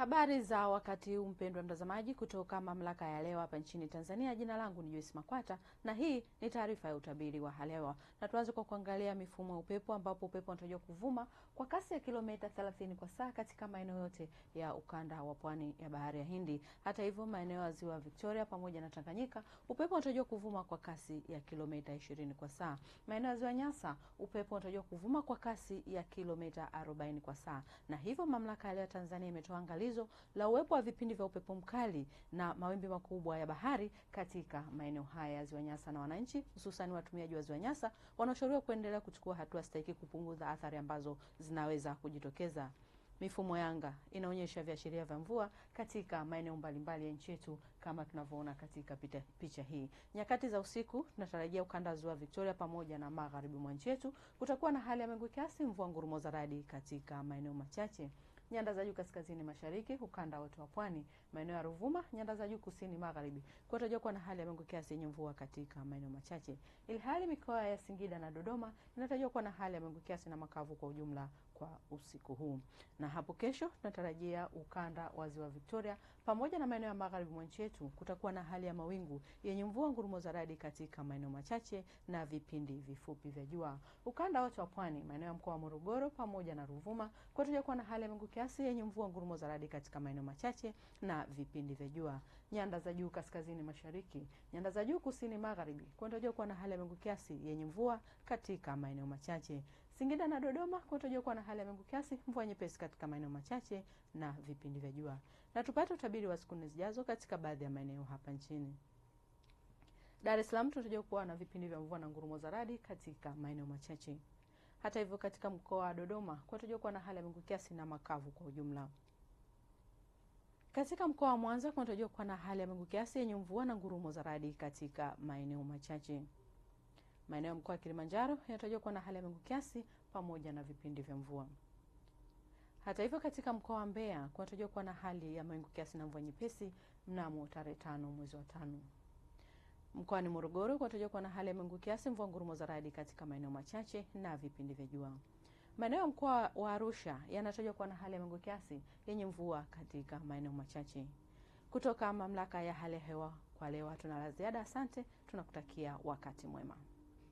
Habari za wakati huu mpendwa mtazamaji, kutoka mamlaka ya leo hapa nchini Tanzania. Jina langu ni Joyce Makwata na hii ni taarifa ya utabiri wa hali ya hewa, na tuanze kwa kuangalia mifumo ya upepo, ambapo upepo unatarajiwa kuvuma kwa kasi ya kilomita 30 kwa saa katika maeneo yote ya ukanda wa pwani ya bahari ya Hindi. Hata hivyo, maeneo ya ziwa Victoria pamoja na Tanganyika, upepo unatarajiwa kuvuma kwa kasi ya kilomita 20 kwa saa. Maeneo ya ziwa Nyasa, upepo unatarajiwa kuvuma kwa kasi ya kilomita 40 kwa saa, na hivyo mamlaka ya leo Tanzania imetoa angalizo angalizo la uwepo wa vipindi vya upepo mkali na mawimbi makubwa ya bahari katika maeneo haya ya Ziwa Nyasa, na wananchi hususan watumiaji wa Ziwa Nyasa wanashauriwa kuendelea kuchukua hatua stahiki kupunguza athari ambazo zinaweza kujitokeza. Mifumo ya anga inaonyesha viashiria vya mvua katika maeneo mbalimbali ya nchi yetu kama tunavyoona katika pita, picha hii. Nyakati za usiku tunatarajia ukanda wa ziwa Victoria pamoja na magharibi mwa nchi yetu kutakuwa na hali ya mawingu kiasi, mvua, ngurumo za radi katika maeneo machache nyanda za juu kaskazini mashariki, ukanda wote wa pwani, maeneo ya Ruvuma, nyanda za juu kusini magharibi kutarajia kuwa na hali ya mawingu kiasi yenye mvua katika maeneo machache, ilhali mikoa ya Singida na Dodoma inatarajiwa kuwa na hali ya mawingu kiasi na makavu kwa ujumla kwa usiku huu. Na hapo kesho tunatarajia ukanda wa ziwa Victoria pamoja na maeneo ya magharibi mwa nchi yetu kutakuwa na hali ya mawingu yenye mvua, ngurumo za radi katika maeneo machache na vipindi vifupi vya jua. Ukanda wote wa pwani, maeneo ya mkoa wa Morogoro pamoja na Ruvuma kutarajia kuwa na hali ya mawingu kiasi yenye mvua, ngurumo za radi katika maeneo machache na vipindi vya jua. Nyanda za juu kaskazini mashariki, nyanda za juu kusini magharibi kunatarajiwa kuwa na hali ya mawingu kiasi yenye mvua katika maeneo machache. Singida na Dodoma kunatarajiwa kuwa na hali ya mawingu kiasi, mvua nyepesi katika maeneo machache na vipindi vya jua. Na tupate utabiri wa siku nne zijazo katika baadhi ya maeneo hapa nchini. Dar es Salaam tunatarajiwa kuwa na vipindi vya mvua na ngurumo za radi katika maeneo machache. Hata hivyo, katika mkoa wa Dodoma kunatarajiwa kuwa na hali ya mawingu kiasi na makavu kwa ujumla. Katika mkoa wa Mwanza kunatarajiwa kuwa na hali ya mawingu kiasi yenye mvua na ngurumo za radi katika maeneo machache. Maeneo ya mkoa wa Kilimanjaro yanatajwa kuwa na hali ya mawingu kiasi pamoja na vipindi vya mvua. Hata hivyo, katika mkoa wa Mbeya kunatarajiwa kuwa na hali ya mawingu kiasi na mvua nyepesi mnamo tarehe tano mwezi wa tano. Mkoani Morogoro kunatajwa kuwa na hali ya mawingu kiasi, mvua ngurumo za radi katika maeneo machache na vipindi vya jua. Maeneo ya mkoa wa Arusha yanatajwa kuwa na hali ya mawingu kiasi yenye mvua katika maeneo machache. Kutoka mamlaka ya hali ya hewa kwa leo hatuna la ziada. Asante, tunakutakia wakati mwema.